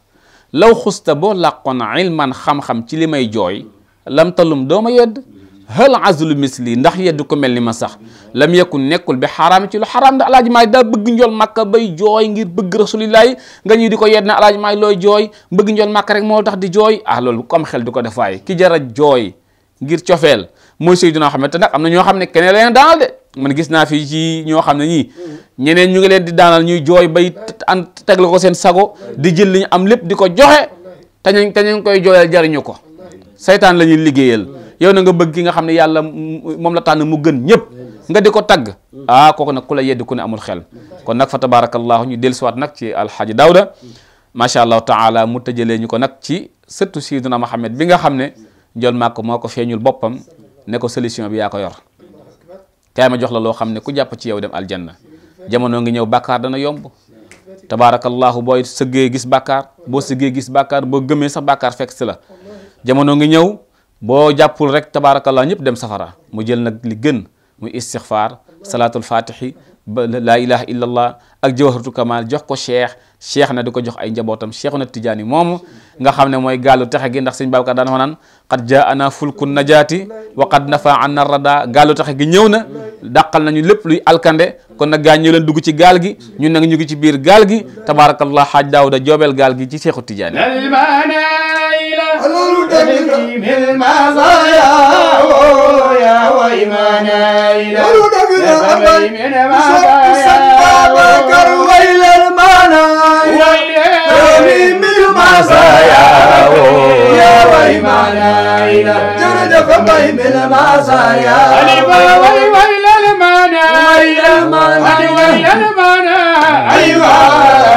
law xusta boo làqoon ilman xam-xam ci li may jooy lam talum dooma yedd hal azlu misli ndax yedd ko mel ni ma sax lam yakun nekkul bi xaraam ci lu xaraam da alaaji maay daa bëgg njool màkka bay jooy ngir bëgg rasulillahi nga ñuy di ko yedd na alaaji maay looy jooy bëgg njool màkka rek moo tax di jooy ah loolu comme xel di ko defaay ki jara jooy ngir cofeel mooy Seydina Muhammad te nag am na ñoo xam ne keneen la leen daal man gis na fi ci ño xam ni ñeneen ñu ngi leen di daanal ñuy joy bay an ko seen sago di jël li ñu am lepp di ko joxe tan ñu tan ñu koy joyal jariñu ko saytaan la yow na nga bëgg ki nga xam yalla mom la tan mu gën ñepp nga di ko ah koku nak kula yedd ku ne amul xel kon nak fa tabarakallah ñu wat nak ci alxaaji daawda macha allahu taala mu tejele ñuko ko ci seutu siduna Muhammad bi nga xamne ne jol moko feñul bopam ne ko solution bi ya ko yor kaay ma jox la loo xam ne ku jàpp ci yow dem aljanna jamono ngi ñëw bàkkaar dana yomb tabaarakallaahu booy sëggee gis bàkkaar boo sëggee gis bàkkaar boo gëmee sax bàkkaar fekk si la jamono ngi ñëw boo jàppul rek tabaarakallaahu ñëpp dem safara mu jël nag li gën muy istixfaar salaatul faatihi ba laa ilaha illallah ak jawharatu kamal jox ko cheikh cheikh na di ko jox ay njabootam cheikhu na tijaani moom nga xam ne mooy gaalu texe gi ndax sëñ Babacar daan wax naan qad jaa ana fulku najaati wa qad nafa anna rada gaalu texe gi ñëw na dàqal nañu lépp luy alkande kon nag gaa ñëw leen dugg ci gaal gi ñun nag ñu ngi ci biir gaal gi tabaarakallah xaaj daawuda joobeel gaal gi ci cheikhu tijaani تبكي من المزايا يا ويمانا إلى تبكي من المزايا بكر ويل المانا تبكي من المزايا يا ويمانا إلى تبكي من المزايا إيمانا أدي ويلنا مانا أيوة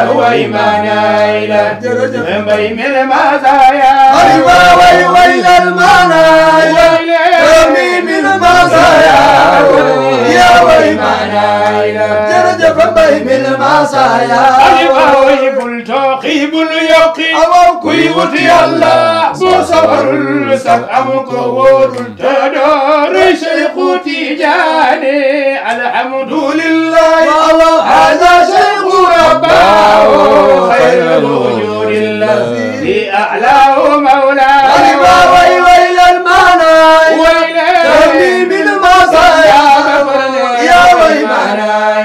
هو إيمانا إلى من بين المزايا أيوة ويلنا مانا masaya alifawi bul toqi bul yoqi awaw kuy wut yalla bu sabarul sab am ko worul tador shaykhu tijani alhamdulillah awaw hadha shaykhu rabbahu khairul wujudillah bi a'lahu mawla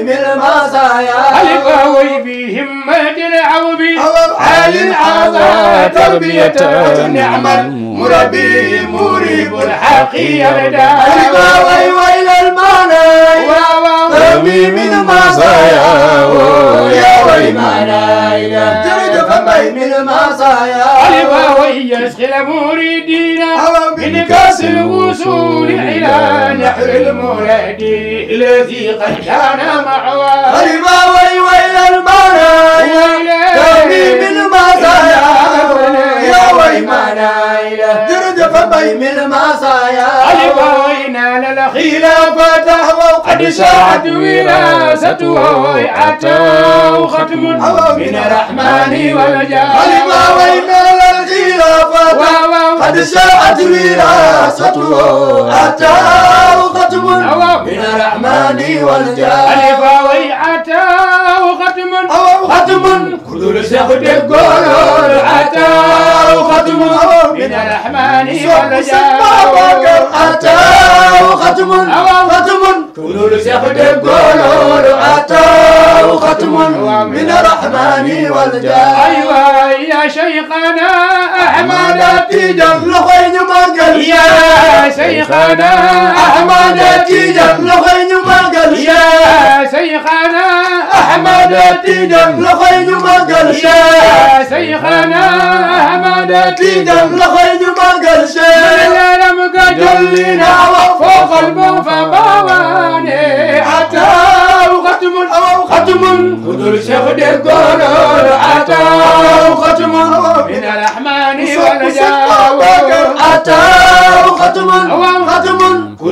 نايم المصايا القوي بهمة العوب علي العطا تربية نعما مربي مريب الحق يرجع القوي وإلى المنايا طبيب المصايا يا ويمنايا بيت من مصايا علي باوي يسخل مريدينا من كاس الوصول إلى نحر المرادي الذي قد كان معوى علي باوي وإلى المنايا كوني من بيمانا إله جرد فبي من مصايا علموينا للخيل فتح وقد شاعت وراثته أتوا ختم من الرحمن والجاه علموينا للخيل فتح قد شاعت وراثته أتوا ختم من الرحمن والجاه علموينا ختم ختم كل سخد القول أتى ختم من الرحمن والرجاء أتى ختم ختم كل سخد القول أتى ختم من الرحمن والرجاء أيوة يا شيخنا أحمد تجر خين ما قال يا شيخنا أحمد تجر خين ما يا شيخنا أحمد تيدم لخيد ما قال يا شيخنا أحمد تيدم لخيد ما قال يا لم قتلنا وفوق البوفا بواني حتى وختم أو ختم خذوا الشيخ دير حتى وختم من الأحمان والجاوب حتى وختم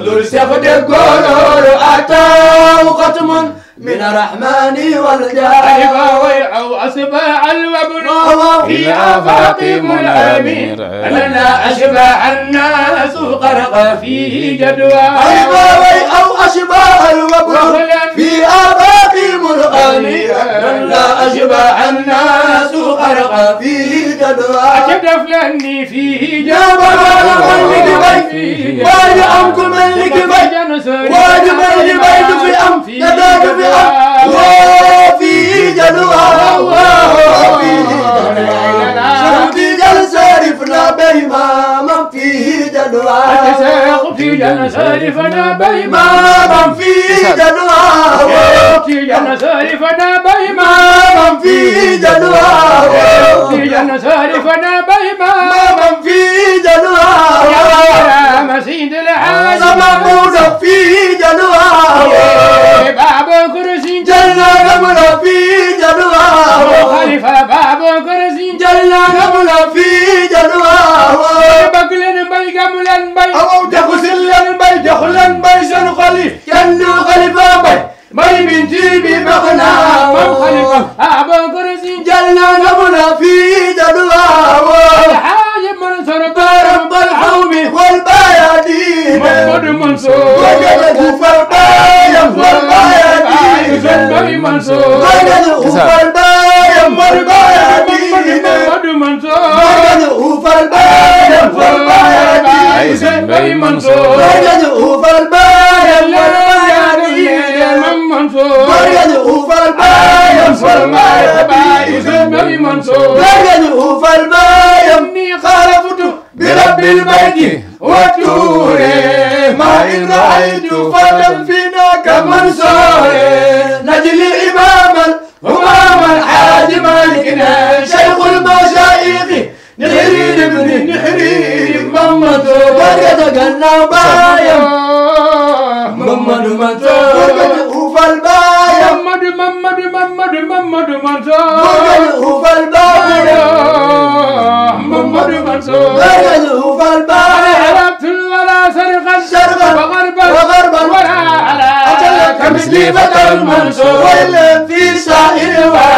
كل سيف دقور أتاه ختم من الرحمن والجاه ويعوا أصباع الوبن في آفاق منعمين لنا أشباع الناس قرق فيه جدوى ويعوا أشباع الوبن من لا أشبع الناس أرقى فيه جدوى أشدف لأني فيه جاب ملك بيت واجي أمك ملك بيت واجي ملك بيت في أم كذاك في أم وفيه جدوى وفيه جدوى شرفنا بإمام فيه جدوى الشيخ في جنة شرفنا بإمام فيه جدوى في جنة شرفنا بإمام فيه جدوى في جنة شرفنا بإمام فيه جدوى يا مسيد الحاج mbay mi ji bi bokk naa moom xalifa Abou Kursi jël naa namu na fii jadwaawoo xaaji Mansour baaram bal xaw mi wal baaya diine Mamadou Mansour wajal ufal baayam wal baaya diine mbay Mansour wajal ufal baayam wal baaya diine Mamadou Mansour wajal ufal baayam wal baaya diine mbay Mansour wajal ufal برقدوه فالبايم فالماي تبعي زمي منصور برقدوه فالبايم خالفت برب البيت والطور ما إن رأيت فلم فينا كمنصور نجل إماما همام الحاج مالكنا شيخ المشايخ نحرير ابن نحرير ممتو برقد قلنا هيبة المنصور ولا في سائرها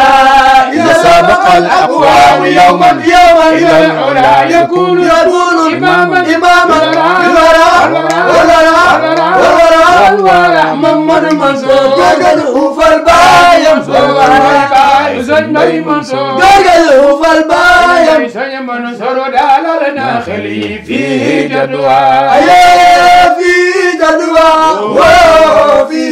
إذا سابق الأقوام يوما يوما إلى العلا يكون يكون إماما إماما الوراء والوراء والوراء والوراء من منصور جعله فالباء ينصور زنبي منصور جعله فالباء ينصور منصور على الناخلي فيه جدوى أيه فيه جدوى وفيه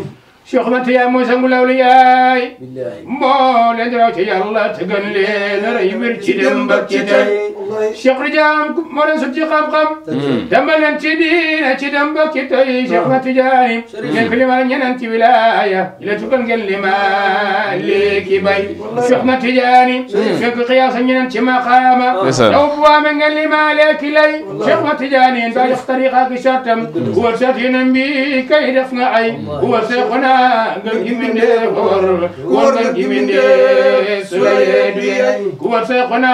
Cheikh Mate yaa mooy sangu lawliyaay mbooleen raw ci yàlla tëggan leen rëy wér ci dem ba ci tey شيخ رجام مولا سجي قام قام دما لنتدين دم بكتي شيخ ما رتجاني من كل ما انت ولاية إلى تكون قل ما لك باي شيخ ما رتجاني شيخ قياس انت ما قام آه. نعم. أبوا من قل ما لك لي شيخ ما رتجاني بايخ طريقة شاتم هو شاتنا بي كي دفنعي هو شيخنا قل من دور وقل من دور سويدي هو شيخنا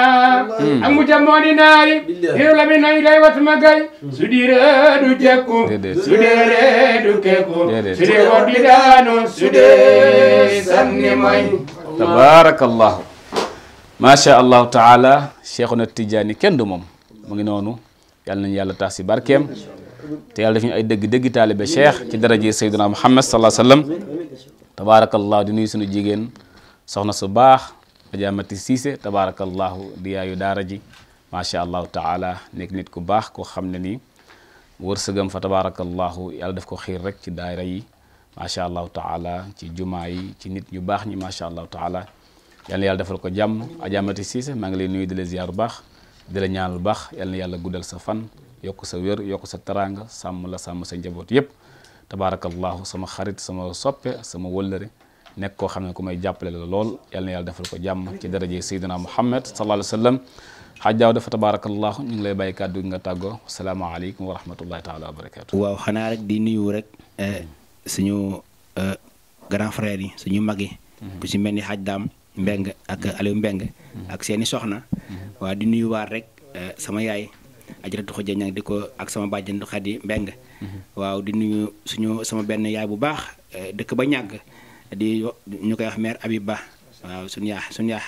أمجم moo di naari yiru la bi nañ day wat magay hmm. su di reedu jekku su dee reedu kekku su dee war di daanu su dee sanni may tabarakallahu macha allahu taala cheikhuna tijaani kenn du moom mu ngi noonu yàlla nañu yàlla tax si barkeem te yàlla def ñu ay dëgg-dëgg taalibe cheikh ci daraje sayduna muhammad salaa sallam tabarakallahu di nuyu suñu jigéen soxna su baax ajaamati siise tabarakallahu di yaayu daara ji macha allahu taala nekk nit ku baax koo xam ne nii wërsëgam fa tabaarakallahu yàlla daf ko xiir rek ci daayira yi macha allahu taala ci jumaa yi ci nit ñu baax ñi macha allahu taala yal na yàlla defal ko jàmm ajaamati siise maa ngi lay nuyu di la ziar bu baax di la ñaanal baax yal na yàlla guddal sa fan yokk sa wér yokk sa teraanga sàmm la sàmm sa njaboot yëpp tabaarakallahu sama xarit sama soppe sama wëllëre nekk koo xam ne ku may jàppale la lool yal na yàlla defal ko jàmm ci daraje sayyidina muhammad sallallahu alayhi wa sallam hajjaw dafa tabarakallah ñu ngi lay bay kaddu nga assalamu alaykum wa rahmatullahi taala wa barakatuh waaw xana rek di nuyu rek eh, suñu eh, grand frère yi suñu magi yi mhm. ku ci melni ni xaj mbeng ak aliou mbeng mhm. ak seeni soxna mhm. wa di nuyu waar rek eh, sama yaay ajaratu xujja ñang di ko ak sama bàjjan xadi mbeng waaw di nuyu suñu sama ben yaay bu baax dëkk ba ñag di ñukay wax mère abi waaw suñu yaa suñu yaa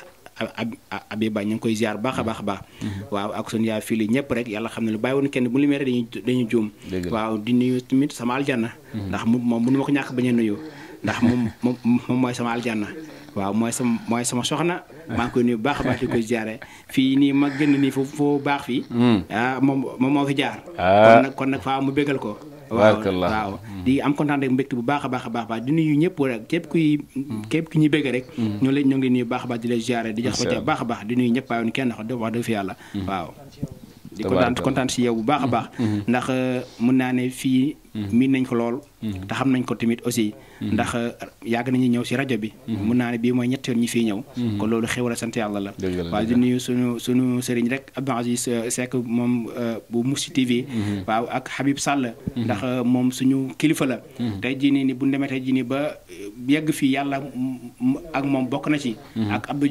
Abiba ñu ngi koy ziar baax a baax a baax waaw ak suñu yaay fii ñëpp rek yàlla xam ne lu bàyyi woon kenn bu limeere dañuy dañuy juum waaw di nuyu tamit sama aljana ndax moom moom mënu ma ko ñàkk bañ a nuyu ndax moom moom mooy sama aljana waaw mooy sama mooy sama soxna maa ngi koy nuyu baax a baax di koy ziare fii nii ma gën nii foo foo baax fii hmm. ah moom moom moo fi jaar ah. kon nag kon nag faa mu béggal ko waaw di am kontaan rek mbégte bu baax a baax a baax di nuyu ñëpp rek képp kuy képp ki ñu bëgg rek mm. ñoo leen ñoo ngi nuyu baax a baax di la ziare di jox ba baax a baax di nuyu ñëpp waaye kenn wax dëgg yàlla mm. waaw di kontaan kontaan si yow bu baax a mm-hmm. baax mm-hmm. ndax euh, mën naa ne fii mm-hmm. miin nañ ko lool te xam nañ ko tamit aussi ndax euh, yàgg nañu ñëw si rajo bi mën naa ne bii mooy ñett yoon ñi fiy ñëw kon loolu xéwal a sant yàlla la waaw di nuyu suñu suñu sëriñ rek Abdou Aziz euh, Seck moom bu Moussi TV waaw ak Habib sàll ndax moom suñu kilifa la tey jii nii ni bu ñu demee tey jii ba yegg fii yàlla ak moom bokk na ci ak Abdou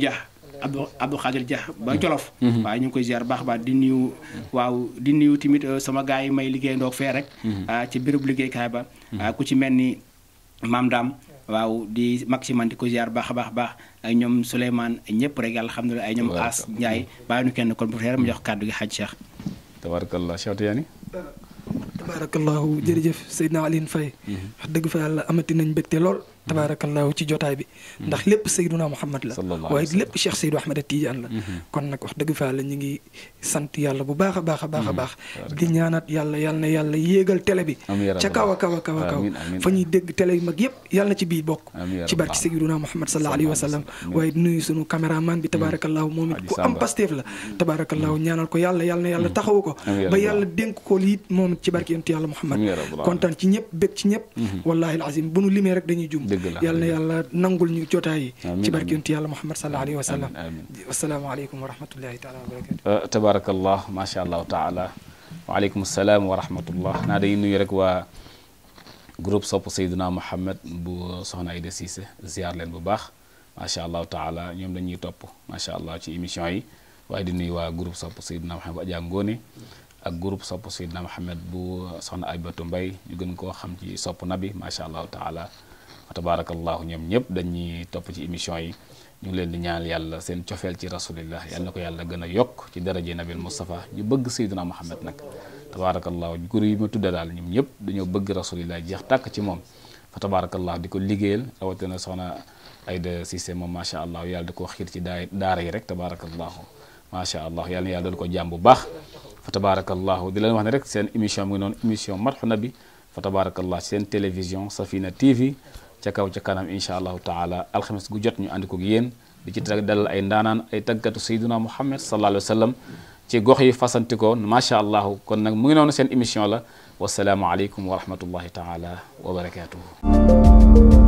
Abdou Abdou Khadir Dia ba mhm. Jolof mhm. waaye ñu ngi koy di nuyu mhm. waaw di nuyu tamit euh, sama gars yi may liggéey ndoog fee rek ah, ci béréb liggéeykaay ba ah, ku ci mel ni maam daam waaw di maximan di ko ziar baax a baax baax ay ñoom Souleymane ñëpp rek yàlla xam ne ay ñoom As Ndiaye bàyyi nu kenn kon bu fekkee mu jox kàddu gi xaj Cheikh tabarakallah Cheikh Tidiane tabarakallahu jërëjëf Seydina Aline Faye wax dëgg fa yàlla amati nañ mbégte lool tabaarakallaahu ci jotaay bi ndax lépp Seyduna Muhammad la waaye lépp Cheikh Seydou Ahmed Tidiane la mhm. kon nag wax dëgg faa la ñu ngi sant yàlla bu baax a baax a baax a mhm. baax di ñaanat yàlla yàlla na yàlla yéegal télé bi ca kaw a kaw a kaw a kaw fa ñuy dégg télé yu mag yëpp yàlla na ci bii bokk ci barke Seyduna Muhammad sallallahu alayhi wa sallam waaye di nuyu sunu caméraman bi tabaarakallaahu moom it ku am pasteef la tabaarakallaahu ñaanal ko yàlla yàlla na yàlla taxawu ko ba yàlla dénk ko lii moom it ci barke yonent yàlla Muhammad kontaan ci ñëpp bég ci ñëpp mhm. wallaahi alazim bu nu limee yal na yàlla nangul ñu jotaay yi ci barke yonent yàlla Muhammad sallallahu alayhi wa sallam asalaamaaleykum wa rahmatullahi taala wa barakatu euh, tabarakallah macha allahu taala waaleykum salaam wa rahmatullah naa dañuy nuyu rek waa groupe sopp Seydina Muhammad bu soxna Aïda Cissé bu baax macha allahu taala ñoom dañuy topp macha allah ci émission yi waaye di nuyu waa groupe sopp Seydina Muhammad bu Adja Ngone ak groupe sopp Seydina Muhammad bu soxna Aybatu Mbay ñu gën koo xam ci sopp nabi macha allahu taala wa الله ñoom ñëpp dañuy topp ci émission yi ñu ngi leen di ñaan yàlla seen cofeel ci rasulillah yal na ko yàlla gën a yokk ci daraje nabil Moustapha ñu bëgg sayduna Muhammad nag tabaarakallaahu góor yi ma tudda daal ñoom ñëpp dañoo bëgg rasulillah jeex tàkk ci moom fa tabaarakallaahu di ko liggéeyal rawatina soxna Ayda Cissé moom macha allah yàlla di ko xiir ci daara yi rek tabaarakallaahu macha allah yàlla na yàlla doon ko jàmm bu baax fa tabaarakallaahu di leen wax ne rek seen émission mu ngi émission Madhoun Nabi fa tabaarakallaahu seen télévision Safina TV ca kaw ca incha allahu taala alxames gu jot ñu ànd ko yéen di ci dalal ay ndaanaan ay tàggatu sayduna muhammad sallallahu alayhi wa sallam ci gox yi fasanti ko macha allah kon nag mu ngi noonu seen émission la wasalaamualeykum wa rahmatullahi taala wa barakaatuhu